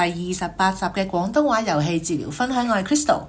第二十八集嘅廣東話遊戲治療分享，我係 Christal。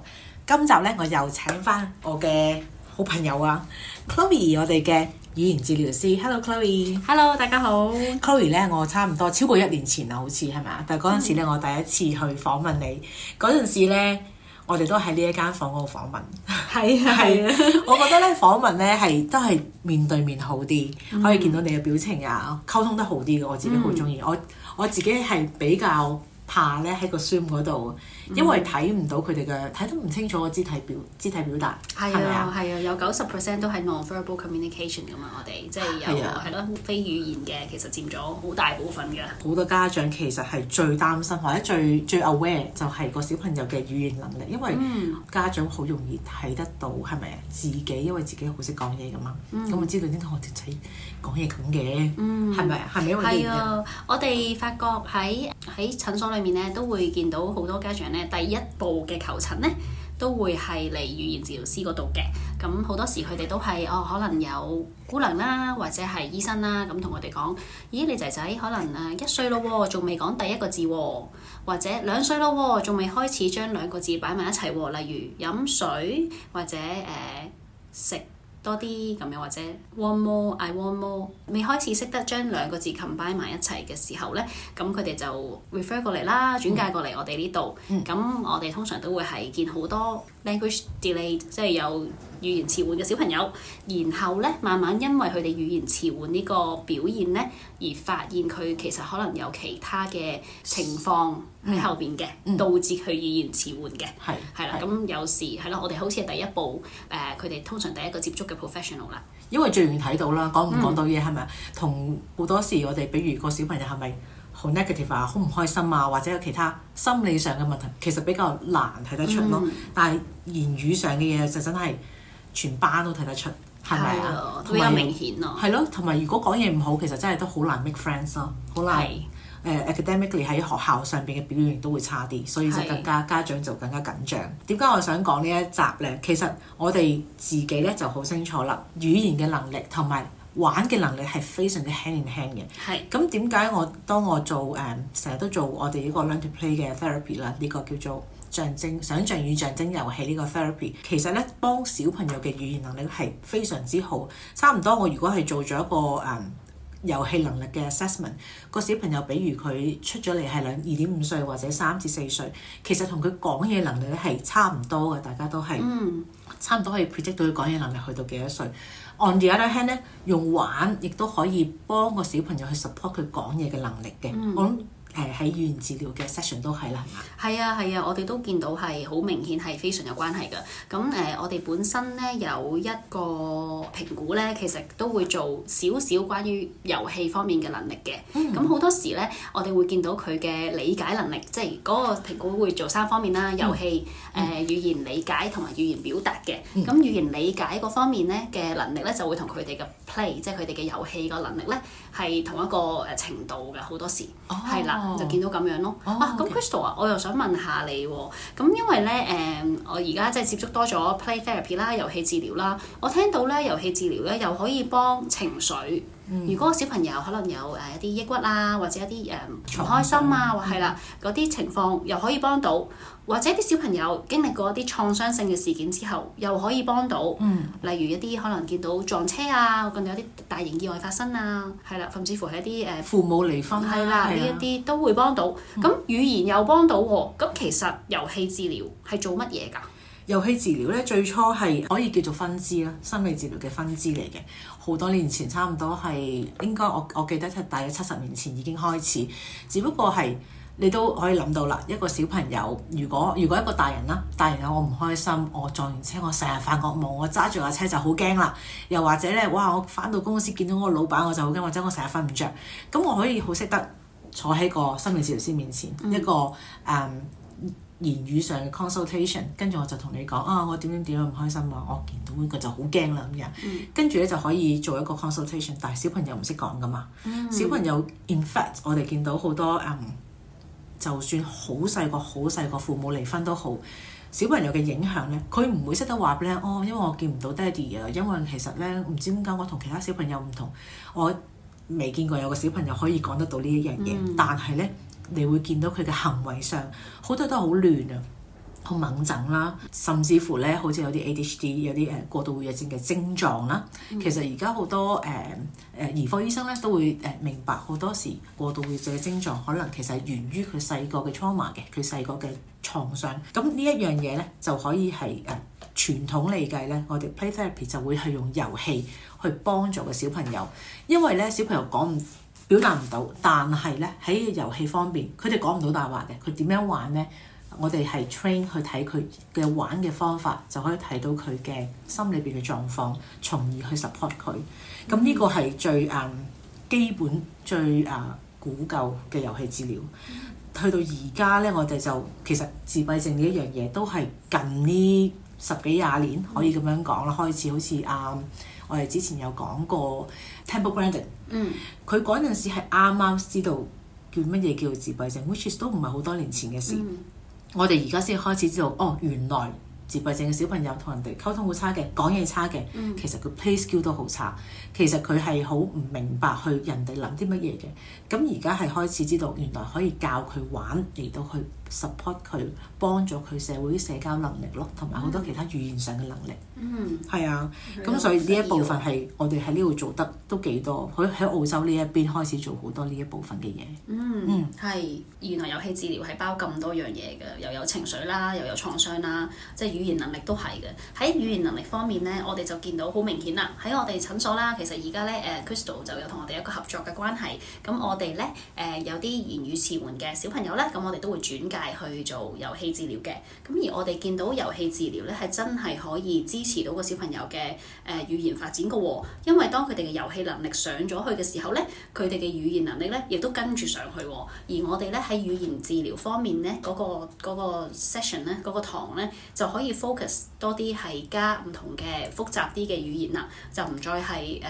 今集咧，我又請翻我嘅好朋友啊，Chloe，我哋嘅語言治療師。Hello，Chloe。Hello，大家好。Chloe 咧，我差唔多超過一年前啊，好似係咪啊？但係嗰陣時咧，嗯、我第一次去訪問你嗰陣時咧，我哋都喺呢一間房嗰度訪問。係係啊，的 我覺得咧訪問咧係都係面對面好啲，嗯、可以見到你嘅表情啊，溝通得好啲嘅，我自己好中意。嗯、我我自己係比較。下咧喺個 Zoom 度，因為睇唔到佢哋嘅，睇得唔清楚個肢體表肢體表達。係啊係，啊，有九十 percent 都係 non-verbal communication 咁嘛，我哋即係有係咯吧非語言嘅，其實佔咗好大部分嘅。好多家長其實係最擔心或者最最 aware 就係個小朋友嘅語言能力，因為家長好容易睇得到係咪啊？自己因為自己好識講嘢噶嘛，咁、嗯、我知道啲同學仔講嘢咁嘅，係咪係咪有啲人？係啊，我哋發覺，喺喺診所裏。面咧都會見到好多家長咧，第一步嘅求診咧都會係嚟語言治療師嗰度嘅。咁好多時佢哋都係哦，可能有姑娘啦，或者係醫生啦，咁同我哋講，咦，你仔仔可能誒一歲咯、喎，仲未講第一個字、喎，或者兩歲咯、喎，仲未開始將兩個字擺埋一齊、喎，例如飲水或者誒、呃、食。多啲咁樣或者 One more I want more，未開始識得將兩個字 combine 埋一齊嘅時候咧，咁佢哋就 refer 過嚟啦，mm. 轉介過嚟我哋呢度。咁、mm. 我哋通常都會係見好多 language delay，即係有，語言遲緩嘅小朋友，然後咧慢慢因為佢哋語言遲緩呢個表現咧，而發現佢其實可能有其他嘅情況喺後邊嘅，嗯嗯、導致佢語言遲緩嘅係係啦。咁有時係咯，我哋好似係第一步誒，佢、呃、哋通常第一個接觸嘅 professional 啦。因為最容易睇到啦，講唔講到嘢係咪同好多時我哋，比如個小朋友係咪好 negative 啊，好唔開心啊，或者有其他心理上嘅問題，其實比較難睇得出咯。嗯、但係言語上嘅嘢就是、真係。全班都睇得出，係咪、嗯、有啊？特別明顯咯。係咯，同埋如果講嘢唔好，其實真係都好難 make friends 咯，好難誒是、呃、academically 喺學校上邊嘅表現都會差啲，所以就更加家長就更加緊張。點解是我想講呢一集咧？其實我哋自己咧就好清楚啦，語言嘅能力同埋。玩嘅能力係非常之 hand in hand 嘅。係的。咁點解我當我做誒成日都做我哋呢個 learn to play 嘅 therapy 啦？呢個叫做象徵想像與象徵遊戲呢個 therapy，其實咧幫小朋友嘅語言能力係非常之好。差唔多我如果係做咗一個誒、嗯、遊戲能力嘅 assessment，個、嗯、小朋友比如佢出咗嚟係兩二點五歲或者三至四歲，其實同佢講嘢能力係差唔多嘅，大家都係。嗯。差唔多可以 predict 到佢講嘢能力去到幾多歲。On the other hand 呢，用玩亦都可以幫個小朋友去 support 佢講嘢嘅能力嘅。我諗、嗯。誒喺、呃、語言治療嘅 session 都係啦，係啊係啊，我哋都見到係好明顯係非常有關係嘅。咁誒、呃，我哋本身咧有一個評估咧，其實都會做少少關於遊戲方面嘅能力嘅。咁好、嗯、多時咧，我哋會見到佢嘅理解能力，即係嗰個評估會做三方面啦，遊戲、誒、嗯呃、語言理解同埋語言表達嘅。咁、嗯、語言理解嗰方面咧嘅能力咧，就會同佢哋嘅 play，即係佢哋嘅遊戲個能力咧，係同一個誒程度嘅好多時，係啦、哦。就見到咁樣咯，哇、oh, okay. 啊！咁 Christal 啊，我又想問下你喎、啊。咁因為咧，誒、嗯，我而家即係接觸多咗 play therapy 啦，遊戲治療啦，我聽到咧遊戲治療咧又可以幫情緒。如果小朋友可能有誒一啲抑鬱啊，或者一啲誒唔開心啊，嗯、傷或係啦嗰啲情況又可以幫到，或者啲小朋友經歷過一啲創傷性嘅事件之後又可以幫到，嗯、例如一啲可能見到撞車啊，或者有啲大型意外發生啊，係啦，甚至乎係一啲誒、呃、父母離婚係啦呢一啲都會幫到。咁的語言又幫到喎、哦，咁其實遊戲治療係做乜嘢㗎？嗯遊戲治療咧，最初係可以叫做分支啦，心理治療嘅分支嚟嘅。好多年前，差唔多係應該我我記得係大約七十年前已經開始。只不過係你都可以諗到啦，一個小朋友，如果如果一個大人啦，大人有我唔開心，我撞完車我成日發惡夢，我揸住架車就好驚啦。又或者咧，哇！我返到公司見到我個老闆，我就好驚。或者我成日瞓唔着。咁我可以好識得坐喺個心理治療師面前、嗯、一個誒。Um, 言語上嘅 consultation，跟住我就同你講啊，我點點點唔開心啊，我見到呢個就好驚啦咁樣。跟住咧就可以做一個 consultation，但小朋友唔識講噶嘛。嗯、小朋友，in fact，我哋見到好多誒、嗯，就算好細個、好細個，父母離婚都好，小朋友嘅影響咧，佢唔會識得話俾你聽。哦，因為我見唔到爹 a d 啊，因為其實咧唔知點解我同其他小朋友唔同，我未見過有個小朋友可以講得到、嗯、呢一樣嘢，但係咧，你會見到佢嘅行為上好多都好亂啊，好掹掙啦，甚至乎咧，好似有啲 ADHD，有啲誒過度活躍症嘅症狀啦。嗯、其實而家好多誒誒兒科醫生咧都會誒、uh, 明白，好多時過度活躍症嘅症狀可能其實係源於佢細個嘅 trauma 嘅，佢細個嘅創傷。咁呢一樣嘢咧就可以係誒、uh, 傳統嚟計咧，我哋 play therapy 就會係用遊戲去幫助個小，小朋友，因為咧小朋友講唔。表達唔到，但係咧喺遊戲方面，佢哋講唔到大話嘅，佢點樣玩呢？我哋係 train 去睇佢嘅玩嘅方法，就可以睇到佢嘅心裡邊嘅狀況，從而去 support 佢。咁呢個係最誒基本最誒、啊、古舊嘅遊戲治療。去到而家呢，我哋就其實自閉症呢一樣嘢都係近呢。十幾廿年可以咁樣講啦，嗯、開始好似啊，uh, 我哋之前有講過 Temple Grandin 嗯，佢嗰陣時係啱啱知道叫乜嘢叫自閉症，which is 都唔係好多年前嘅事。嗯、我哋而家先開始知道，哦，原來自閉症嘅小朋友同人哋溝通好差嘅，講嘢差嘅，嗯、其實佢 play skill 都好差，其實佢係好唔明白去人哋諗啲乜嘢嘅。咁而家係開始知道，原來可以教佢玩嚟到去。support 佢，幫助佢社會社交能力咯，同埋好多其他語言上嘅能力。嗯。係啊，咁、嗯、所以呢一部分係、嗯、我哋喺呢度做得都幾多，喺喺澳洲呢一邊開始做好多呢一部分嘅嘢。嗯。嗯，係，原來遊戲治療係包咁多樣嘢嘅，又有情緒啦，又有創傷啦，即係語言能力都係嘅。喺語言能力方面咧，我哋就見到好明顯啦。喺我哋診所啦，其實而家咧，誒 Christal 就有同我哋一個合作嘅關係。咁我哋咧，誒、呃、有啲言語遲緩嘅小朋友咧，咁我哋都會轉介。係去做遊戲治療嘅，咁而我哋見到遊戲治療咧係真係可以支持到個小朋友嘅，誒語言發展嘅，因為當佢哋嘅遊戲能力上咗去嘅時候咧，佢哋嘅語言能力咧亦都跟住上去。而我哋咧喺語言治療方面咧個個 session 咧個個堂咧就可以 focus 多啲係加唔同嘅複雜啲嘅語言啦，就唔再係誒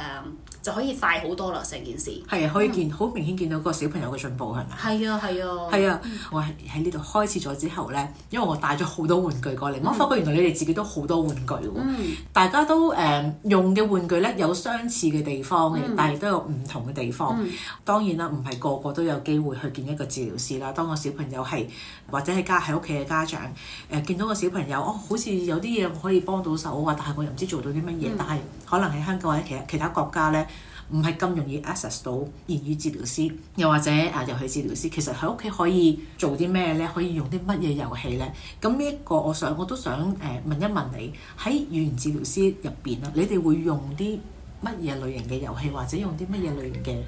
就可以快好多啦成件事。係啊，可以見好明顯見到個小朋友嘅進步係咪啊？係啊，係啊。係、嗯、啊，我喺喺呢度。開始咗之後呢，因為我帶咗好多玩具過嚟，我發覺原來你哋自己都好多玩具喎。嗯、大家都誒、呃、用嘅玩具呢，有相似嘅地方嘅，但係都有唔同嘅地方。當然啦，唔係個個都有機會去見一個治療師啦。當個小朋友係或者係家喺屋企嘅家長誒、呃，見到個小朋友哦，好似有啲嘢可以幫到手啊，但係我又唔知做到啲乜嘢，嗯、但係可能喺香港或者其其他國家呢，唔係咁容易 access 到言語治療師，又或者啊，遊戲治療師，其實喺屋企可以做啲咩咧？可以用啲乜嘢遊戲咧？咁呢一個，我想我都想誒、呃、問一問你，喺語言治療師入邊啦，你哋會用啲乜嘢類型嘅遊戲，或者用啲乜嘢類型嘅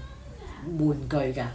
玩具㗎？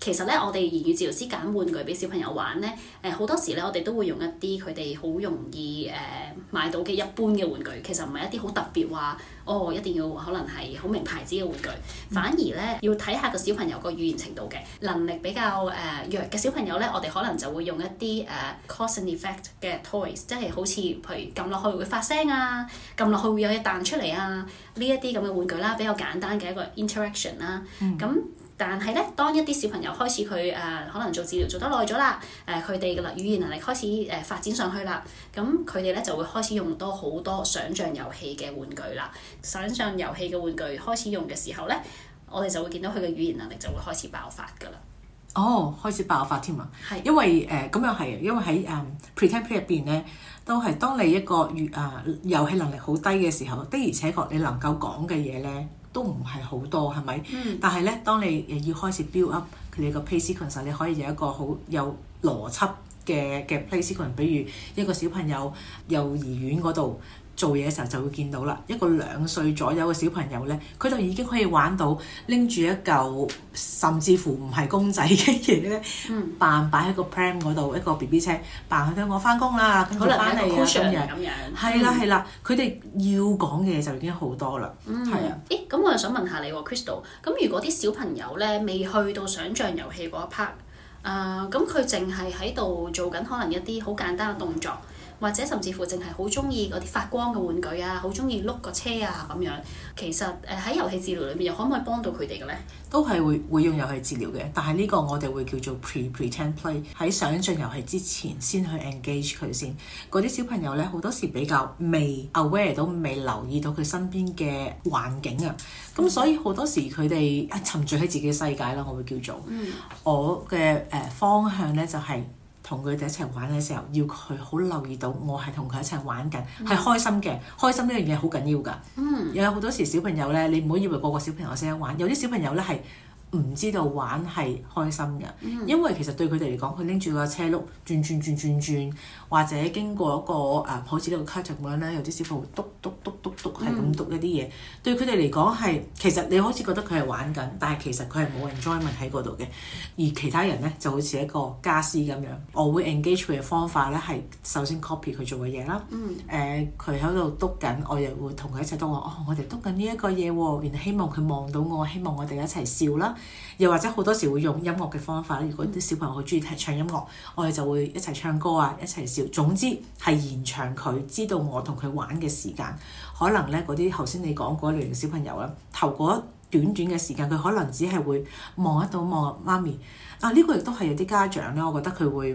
其實咧，我哋言語治療師揀玩具俾小朋友玩咧，誒、呃、好多時咧，我哋都會用一啲佢哋好容易誒、呃、買到嘅一般嘅玩具，其實唔係一啲好特別話哦，一定要可能係好名牌子嘅玩具。反而咧，要睇下個小朋友個語言程度嘅能力比較誒弱嘅小朋友咧，我哋可能就會用一啲誒、呃、cause and effect 嘅 toys，即係好似譬如撳落去會發聲啊，撳落去會有嘢彈出嚟啊，呢一啲咁嘅玩具啦，比較簡單嘅一個 interaction 啦，咁、嗯。但係咧，當一啲小朋友開始佢誒、呃、可能做治療做得耐咗啦，誒佢哋嘅啦語言能力開始誒、呃、發展上去啦，咁佢哋咧就會開始用多好多想像遊戲嘅玩具啦。想像遊戲嘅玩具開始用嘅時候咧，我哋就會見到佢嘅語言能力就會開始爆發㗎啦。哦，oh, 開始爆發添啊！係是因為誒咁又係，因為喺誒、um, pretend play 入邊咧，都係當你一個語誒、呃、遊戲能力好低嘅時候，的而且確你能夠講嘅嘢咧，都唔係好多，係咪？嗯、但係咧，當你要開始 build up 佢哋個 play sequence 時候，你可以有一個好有邏輯嘅嘅 play sequence，比如一個小朋友，幼兒園嗰度。做嘢嘅時候就會見到啦，一個兩歲左右嘅小朋友咧，佢就已經可以玩到拎住一嚿甚至乎唔係公仔嘅嘢，扮擺喺個 pram 嗰度，一個 B B 車，扮佢聲我翻工啦，跟住翻嚟啊，咁樣，係啦，係啦，佢哋要講嘅嘢就已經好多啦，係、嗯、啊，誒咁、欸、我又想問下你喎、啊、Christal，咁如果啲小朋友咧未去到想像遊戲嗰一 part，啊，咁佢淨係喺度做緊可能一啲好簡單嘅動作。或者甚至乎淨係好中意嗰啲發光嘅玩具啊，好中意碌個車啊咁樣，其實誒喺、呃、遊戲治療裏面又可唔可以幫到佢哋嘅咧？都係會會用遊戲治療嘅，但係呢個我哋會叫做 pre-pretend play，喺想像遊戲之前先去 engage 佢先。嗰啲小朋友咧好多時比較未 aware 到、未留意到佢身邊嘅環境、嗯、啊，咁所以好多時佢哋沉醉喺自己嘅世界啦。我會叫做、嗯、我嘅誒、呃、方向咧就係、是。同佢哋一齊玩嘅時候，要佢好留意到我係同佢一齊玩緊，係、嗯、開心嘅。開心呢樣嘢好緊要㗎。嗯，有好多時小朋友咧，你唔好以為個個小朋友識得玩，有啲小朋友咧係。唔知道玩係開心嘅，mm. 因為其實對佢哋嚟講，佢拎住個車碌轉轉轉轉轉，或者經過一個誒好似呢個 cart 咁樣咧，有啲小朋友督督督督督係咁督一啲嘢，對佢哋嚟講係其實你開始覺得佢係玩緊，但係其實佢係冇 enjoyment 喺嗰度嘅。而其他人咧就好似一個家私咁樣，我會 engage 佢嘅 方法咧係首先 copy 佢做嘅嘢啦，誒佢喺度督緊，我又會同佢一齊督我。哦，我哋督緊呢一個嘢喎，然後希望佢望到，我希望我哋一齊笑啦。又或者好多時會用音樂嘅方法咧，如果啲小朋友好中意聽唱音樂，我哋就會一齊唱歌啊，一齊笑。總之係延長佢知道我同佢玩嘅時間。可能咧嗰啲頭先你講嗰一類嘅小朋友啦，頭嗰短短嘅時間，佢可能只係會望一到望媽咪啊。呢個亦都係有啲家長咧，我覺得佢會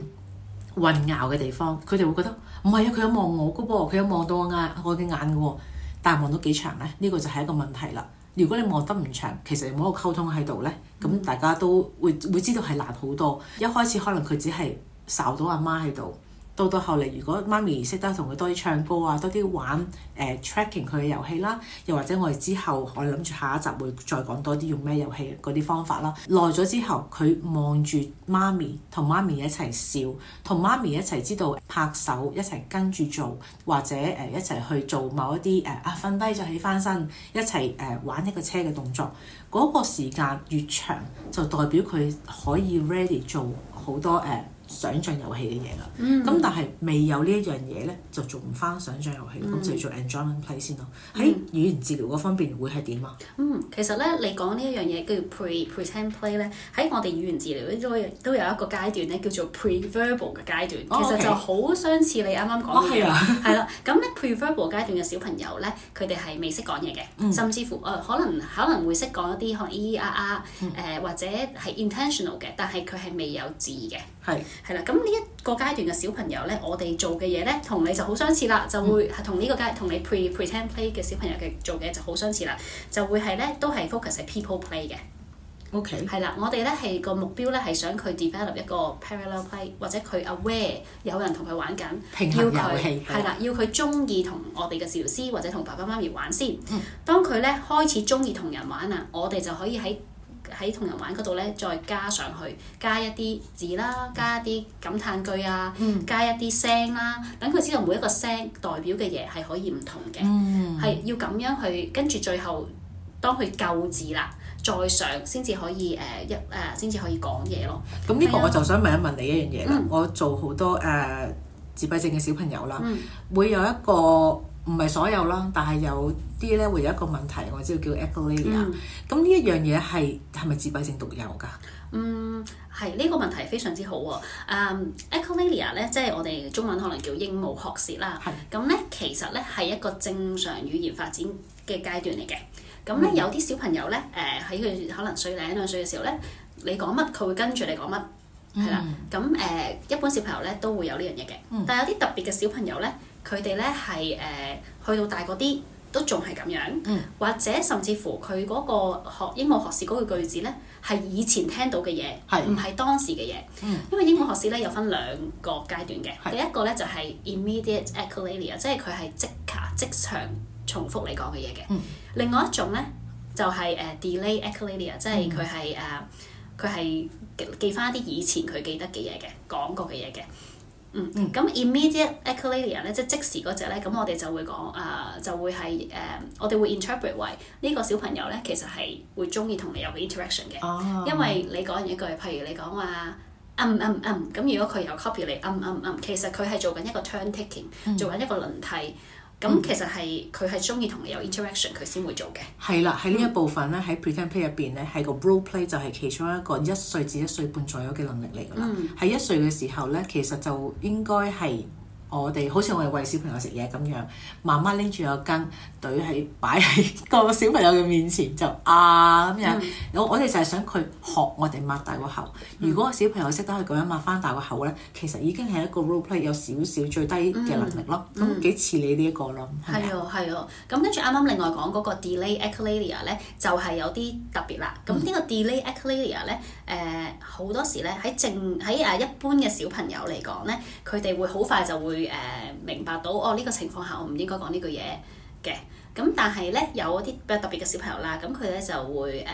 混淆嘅地方，佢哋會覺得唔係啊，佢有望我噶噃，佢有望到我眼我嘅眼噶，但望到幾長咧？呢個就係一個問題啦。如果你磨得唔長，其實冇個溝通喺度咧，咁大家都會，會知道係難好多。一開始可能佢只係受到阿媽喺度。到到後嚟，如果媽咪識得同佢多啲唱歌啊，多啲玩誒、呃、tracking 佢嘅遊戲啦，又或者我哋之後我諗住下一集會再講多啲用咩遊戲嗰啲方法啦。耐咗之後，佢望住媽咪，同媽咪一齊笑，同媽咪一齊知道拍手，一齊跟住做，或者誒、呃、一齊去做某一啲誒啊瞓低就起翻身，一齊誒、呃、玩一個車嘅動作。嗰個時間越長，就代表佢可以 ready 做好多誒、呃想像遊戲嘅嘢啦，咁、mm hmm. 但係未有呢一樣嘢咧，就做唔翻想像遊戲，咁、mm hmm. 就做 enjoyment play 先咯。喺、欸 mm hmm. 語言治療嗰方面會係點啊？嗯，其實咧，你講呢一樣嘢叫 pre-pretend play 咧，喺我哋語言治療都都有一個階段咧，叫做 pre-verbal 嘅階段，oh, okay. 其實就好相似你啱啱講嘅嘢。係啦、oh, 啊，咁咧 pre-verbal 階段嘅小朋友咧，佢哋係未識講嘢嘅，mm hmm. 甚至乎誒、呃、可能可能會識講一啲可能咿咿啊啊誒，mm hmm. 或者係 intentional 嘅，但係佢係未有字嘅。係係啦，咁呢一個階段嘅小朋友咧，我哋做嘅嘢咧，同你就好相似啦，就會係同呢個階同你 pret pretend play 嘅小朋友嘅做嘅就好相似啦，就會係咧，都係 focus 喺 people play 嘅。OK 係啦，我哋咧係個目標咧係想佢 develop 一個 parallel play 或者佢 aware 有人同佢玩緊平衡遊戲，係啦，要佢中意同我哋嘅治療師或者同爸爸媽咪玩先。嗯、當佢咧開始中意同人玩啦，我哋就可以喺喺同人玩嗰度咧，再加上去加一啲字啦，加一啲感嘆句啊，加一啲、嗯、聲啦，等佢知道每一個聲代表嘅嘢係可以唔同嘅，係、嗯、要咁樣去跟住，最後當佢夠字啦，再上先至可以誒一誒先至可以講嘢咯。咁呢個我就想問一問你一樣嘢、嗯、我做好多誒、uh, 自閉症嘅小朋友啦，會、嗯、有一個。唔係所有啦，但係有啲咧會有一個問題，我知道叫 echolalia、嗯。咁呢一樣嘢係係咪自閉症獨有㗎？嗯，係呢、呢個問題非常之好喎、啊。Um, echolalia 咧，即係我哋中文可能叫鸚鵡學舌啦。咁咧是，其實咧係一個正常語言發展嘅階段嚟嘅。咁咧、嗯、有啲小朋友咧，誒喺佢可能歲兩歲兩歲嘅時候咧，你講乜佢會跟住你講乜，係、嗯、啦。咁誒、呃、一般小朋友咧都會有呢樣嘢嘅，但係有啲特別嘅小朋友咧。佢哋咧係誒去到大嗰啲都仲係咁樣，嗯、或者甚至乎佢嗰個學鸚鵡學舌嗰個句子咧係以前聽到嘅嘢，唔係是當時嘅嘢。嗯、因為鸚鵡學舌咧有分兩個階段嘅，是第一個咧就係、是、immediate echolalia，是即係佢係即刻即場重複你講嘅嘢嘅。嗯、另外一種咧就係、是、誒 delayed echolalia，即係佢係誒佢係記翻啲以前佢記得嘅嘢嘅，講過嘅嘢嘅。Mm. 嗯，咁 immediate echolalia 咧，即係即時嗰隻咧，咁我哋就會講，誒、呃，就會係誒、呃，我哋會 interpret 為呢個小朋友咧，其實係會中意同你有個 interaction 嘅，mm. 因為你講完一句，譬如你講話、啊，嗯嗯嗯，咁如果佢有 copy 你，嗯嗯嗯，其實佢係做緊一個 turn-taking，做緊一個輪替。Mm. 嗯咁、嗯、其實係佢係中意同你有 interaction，佢先會做嘅。係啦，喺呢一部分咧，喺、嗯、pretend play 入邊咧，係個 role play 就係其中一個一歲至一歲半左右嘅能力嚟㗎啦。喺、嗯、一歲嘅時候咧，其實就應該係。我哋好似我哋餵小朋友食嘢咁樣，媽媽拎住個羹，懟喺擺喺個小朋友嘅面前就啊咁樣。咁、嗯、我哋就係想佢學我哋擘大個口。如果小朋友識得去咁樣擘翻大個口咧，其實已經係一個 role play 有少少最低嘅能力咯。咁幾似你呢一個咯？係啊、嗯，係啊吧。咁跟住啱啱另外講、那個 delay echolalia al 咧，就係有啲特別啦。咁呢、嗯、個 delay echolalia al 咧、呃，誒好多時咧喺正喺誒一般嘅小朋友嚟講咧，佢哋會好快就會。誒明白到哦，呢、這個情況下我唔應該講呢句嘢嘅。咁但係咧，有一啲比較特別嘅小朋友啦，咁佢咧就會誒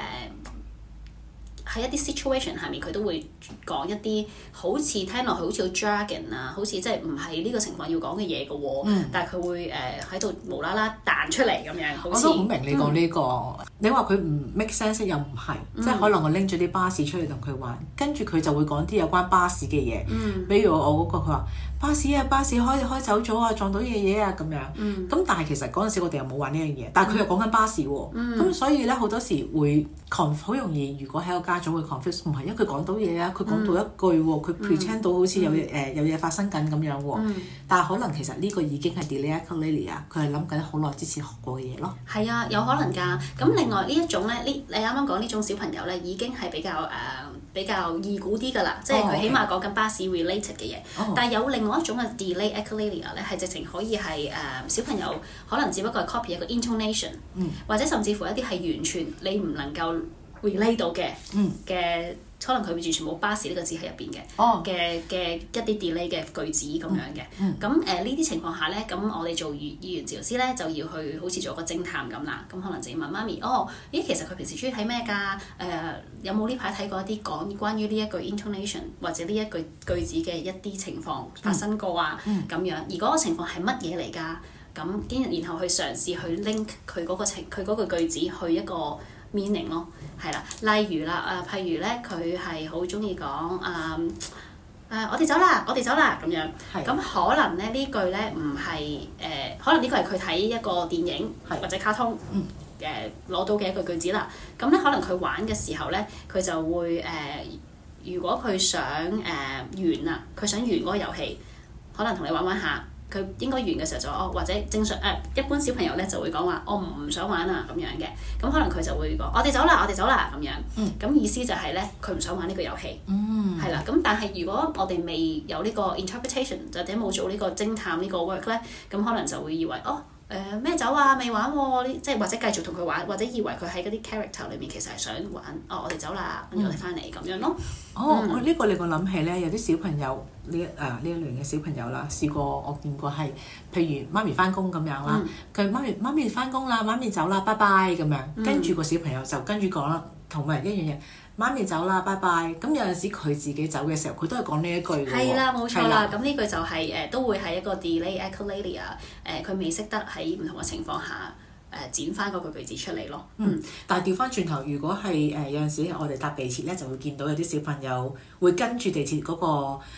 喺、啊、一啲 situation 下面，佢都會講一啲好似聽落去好似 dragon、嗯、啊，無無好似即係唔係呢個情況要講嘅嘢嘅，但係佢會誒喺度無啦啦彈出嚟咁樣。我都好明你講呢、這個。嗯、你話佢唔 make sense 又唔係，嗯、即係可能我拎咗啲巴士出嚟同佢玩，跟住佢就會講啲有關巴士嘅嘢。嗯、比如我我嗰個佢話。巴士啊，巴士開嚟開走咗啊，撞到嘢嘢啊，咁樣，咁但係其實嗰陣時我哋又冇玩呢樣嘢，但係佢又講緊巴士喎。咁所以咧好多時會，conf，好容易如果喺個家長會 confuse，唔係，因為佢講到嘢啊，佢講到一句喎，佢 pretend 到好似有誒有嘢發生緊咁樣喎。但係可能其實呢個已經係 delayed 啊，佢係諗緊好耐之前學過嘅嘢咯。係啊，有可能㗎。咁另外呢一種咧，呢你啱啱講呢種小朋友咧，已經係比較誒比較易估啲噶啦，即係佢起碼講緊巴士 related 嘅嘢，但係有另外。某一種嘅 delay echolalia 咧，係直情可以係誒、呃、小朋友可能只不過係 copy 一個 intonation，嗯、或者甚至乎一啲係完全你唔能夠 relate 到嘅嘅。嗯可能佢完全冇巴士呢個字喺入邊嘅，嘅嘅、oh. 一啲 delay 嘅句子咁樣嘅。咁誒呢啲情況下咧，咁我哋做語語言治療師咧就要去好似做一個偵探咁啦。咁可能就要問媽咪，哦，咦，其實佢平時中意睇咩㗎？誒、呃，有冇呢排睇過一啲講關於呢一句 intonation 或者呢一句句子嘅一啲情況發生過啊？咁、oh. 樣而嗰個情況係乜嘢嚟㗎？咁然後去嘗試去 link 佢嗰、嗰個情佢嗰句句子去一個。meaning 咯，係啦，例如啦，誒、呃，譬如咧，佢係好中意講誒誒，我哋走啦，我哋走啦咁樣。係的。咁可能咧呢句咧唔係誒，可能呢個係佢睇一個電影或者卡通誒攞的、呃、到嘅一個句子啦。咁、嗯、咧可能佢玩嘅時候咧，佢就會誒、呃，如果佢想誒、呃、完啦，佢想完嗰個遊戲，可能同你玩玩下。佢應該完嘅時候就哦，或者正常誒、啊，一般小朋友咧就會講話我唔想玩啊咁樣嘅，咁可能佢就會講、哦、我哋走啦，我哋走啦咁樣。嗯。咁意思就係咧，佢唔想玩呢個遊戲。嗯。係啦，咁但係如果我哋未有呢個 interpretation，或者冇做呢個偵探呢個 work 咧，咁可能就會以為哦。誒咩、呃、走啊？未玩喎、啊，即係或者繼續同佢玩，或者以為佢喺嗰啲 character 裏面其實係想玩。哦，我哋走啦，跟住我哋翻嚟咁樣咯。哦，呢、嗯哦呢個令我諗起咧，有啲小朋友呢啊呢一類型嘅小朋友啦，試過我見過係，譬如媽咪翻工咁樣啦，佢、嗯、媽咪媽咪翻工啦，媽咪走啦，拜拜咁樣，跟住個小朋友就跟住講啦。同埋一樣嘢，媽咪走啦，拜拜。咁有陣時佢自己走嘅時候，佢都係講呢一句㗎喎。係啦，冇錯啦。咁呢的句就係、是、誒、呃，都會係一個 delay echolalia 誒，佢未識得喺唔同嘅情況下。誒、呃、剪翻嗰個句子出嚟咯。嗯，但係調翻轉頭，如果係誒、呃、有陣時我哋搭地鐵咧，就會見到有啲小朋友會跟住地鐵嗰個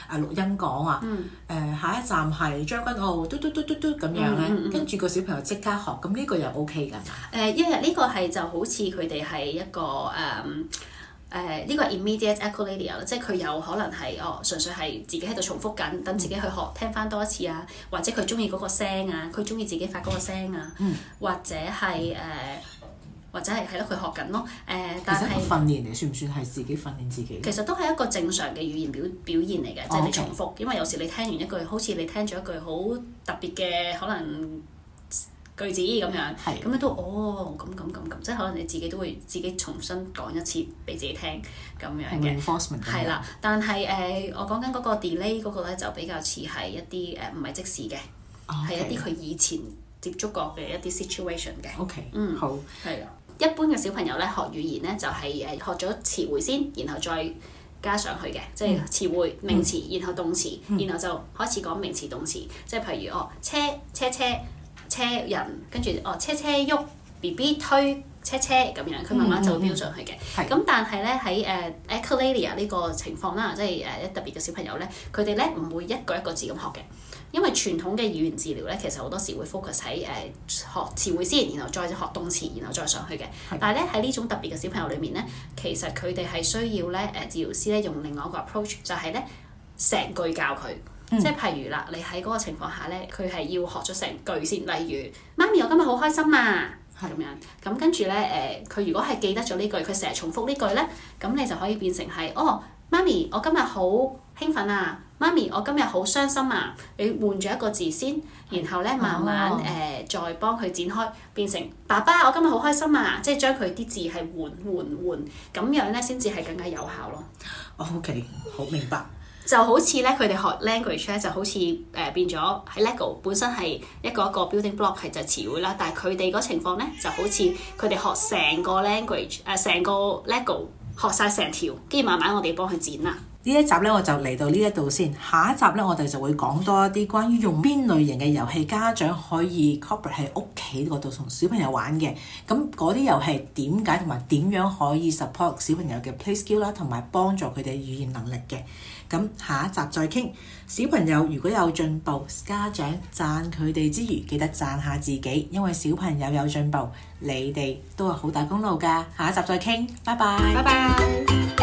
啊錄音講啊。嗯。誒、呃，下一站係將軍澳，嘟嘟嘟嘟嘟咁樣咧，嗯嗯嗯、跟住個小朋友即刻學，咁呢個又 O K 㗎。誒、呃，因為呢個係就好似佢哋係一個誒。嗯誒呢、呃這個係 immediate echolalia 即係佢有可能係哦，純粹係自己喺度重複緊，等自己去學聽翻多一次啊。或者佢中意嗰個聲啊，佢中意自己發嗰個聲啊、嗯呃，或者係誒，或者係係咯，佢學緊咯誒。但係訓練嚟算唔算係自己訓練自己？其實都係一個正常嘅語言表表現嚟嘅，即係、嗯、你重複，嗯、因為有時你聽完一句，好似你聽咗一句好特別嘅可能。句子咁樣，咁咧都哦，咁咁咁咁，即係可能你自己都會自己重新講一次俾自己聽咁樣嘅，係啦。但係誒，我講緊嗰個 delay 嗰個咧，就比較似係一啲誒唔係即時嘅，係 Okay. 一啲佢以前接觸過嘅一啲 situation 嘅。OK，嗯，好，係啊。一般嘅小朋友咧學語言咧就係誒學咗詞彙先，然後再加上去嘅，即係詞彙名詞，嗯、然後動詞，嗯、然後就開始講名詞動詞，即係譬如哦車車車。車車車車車車車車人，跟住哦，車車喐，B B 推車車咁樣，佢慢慢就會飆上去嘅。咁、mm hmm. 但係咧喺誒 Echolalia 呢個情況啦，即係誒一特別嘅小朋友咧，佢哋咧唔會一個一個字咁學嘅，因為傳統嘅語言治療咧，其實好多時會 focus 喺誒、uh, 學詞彙先，然後再學動詞，然後再上去嘅。Mm hmm. 但係咧喺呢種特別嘅小朋友裏面咧，其實佢哋係需要咧誒治療師咧用另外一個 approach，就係咧成句教佢。即係譬如啦，你喺嗰個情況下咧，佢係要學咗成句先。例如，媽咪，我今日好開心啊，咁樣。咁跟住咧，誒、呃，佢如果係記得咗呢句，佢成日重複呢句咧，咁你就可以變成係，哦，媽咪，我今日好興奮啊，媽咪，我今日好傷心啊，你換咗一個字先，然後咧是的 慢慢誒、哦呃、再幫佢展開變成爸爸，我今日好開心啊，即係將佢啲字係換換換咁樣咧，先至係更加有效咯。OK，好明白。 就好似咧，佢哋學 language 咧，就好似誒、呃、變咗喺 LEGO 本身係一個一個 building block 係就詞彙啦，但係佢哋嗰情況咧就好似佢哋學成個 language 誒、呃，成個 LEGO 學晒成條，跟住慢慢我哋幫佢剪啦。呢一集咧我就嚟到呢一度先，下一集咧我哋就會講多一啲關於用邊類型嘅遊戲家長可以 copy 喺屋企嗰度同小朋友玩嘅，咁嗰啲遊戲點解同埋點樣可以 support 小朋友嘅 play skill 啦，同埋幫助佢哋語言能力嘅，咁下一集再傾。小朋友如果有進步，家長讚佢哋之餘，記得讚下自己，因為小朋友有進步，你哋都係好大功勞噶。下一集再傾，拜拜，拜拜。